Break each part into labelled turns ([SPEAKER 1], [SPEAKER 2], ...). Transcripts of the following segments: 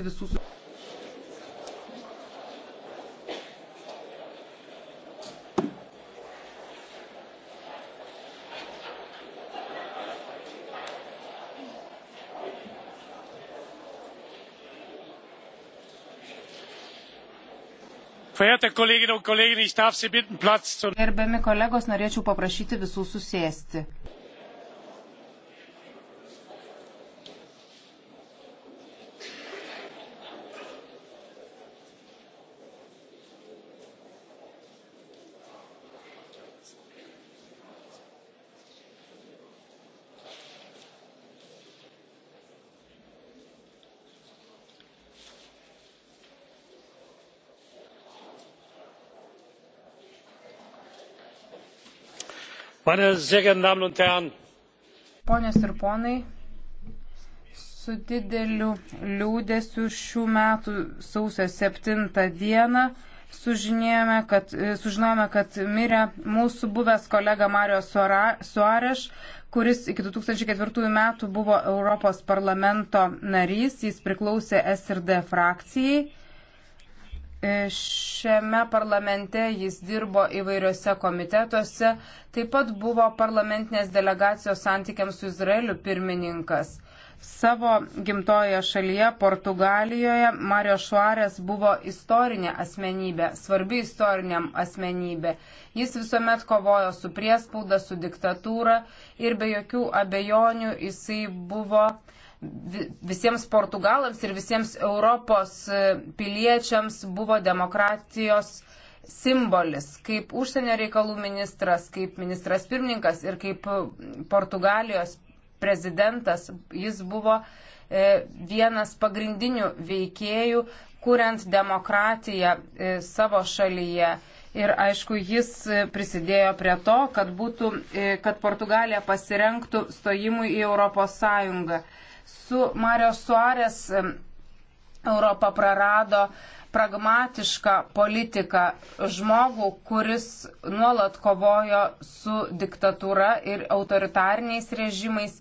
[SPEAKER 1] visų su... Gerbiami kolegos, norėčiau paprašyti visų susėsti. Meine sehr geehrten Damen und Herren, Ponios ir ponai, su dideliu liūdėsiu šių metų sausio 7 dieną sužinėjome, kad, e, sužinojome, kad mirė mūsų buvęs kolega Mario Suareš, kuris iki 2004 metų buvo Europos parlamento narys, jis priklausė SRD frakcijai. Šiame parlamente jis dirbo įvairiose komitetuose, taip pat buvo parlamentinės delegacijos santykiams su Izraeliu pirmininkas. Savo gimtojoje šalyje, Portugalijoje, Mario Šuarės buvo istorinė asmenybė, svarbi istoriniam asmenybė. Jis visuomet kovojo su priespauda, su diktatūra ir be jokių abejonių jisai buvo visiems portugalams ir visiems Europos e, piliečiams buvo demokratijos simbolis, kaip užsienio reikalų ministras, kaip ministras pirmininkas ir kaip e, Portugalijos prezidentas. Jis buvo e, vienas pagrindinių veikėjų, kuriant demokratiją e, savo šalyje. Ir aišku, jis e, prisidėjo prie to, kad, būtų, kad Portugalija pasirenktų stojimui į Europos Sąjungą. Su Mario Suarės Europa prarado uh, pragmatišką politiką, žmogų, kuris nuolat kovojo su diktatūra ir autoritariniais režimais,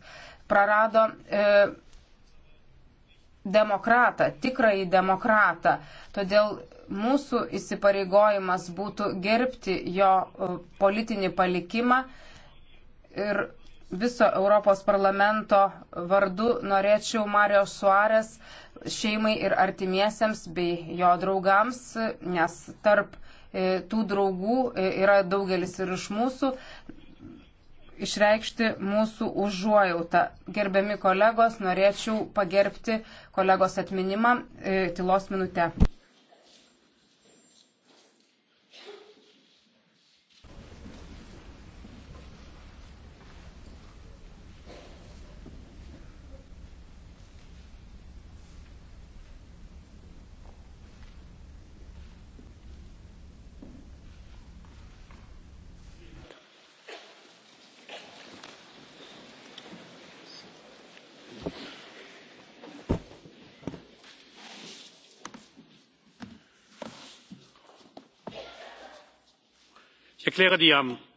[SPEAKER 1] prarado e, demokratą, tikrąjį demokratą. Todėl mūsų įsipareigojimas būtų gerbti jo e, politinį palikimą ir viso Europos parlamento vardu norėčiau Mario Suarės šeimai ir artimiesiems bei jo draugams, nes tarp e, tų draugų e, yra daugelis ir iš mūsų, išreikšti mūsų užuojautą. Gerbiami kolegos, norėčiau pagerbti kolegos atminimą e, tylos minutę. erkläre die.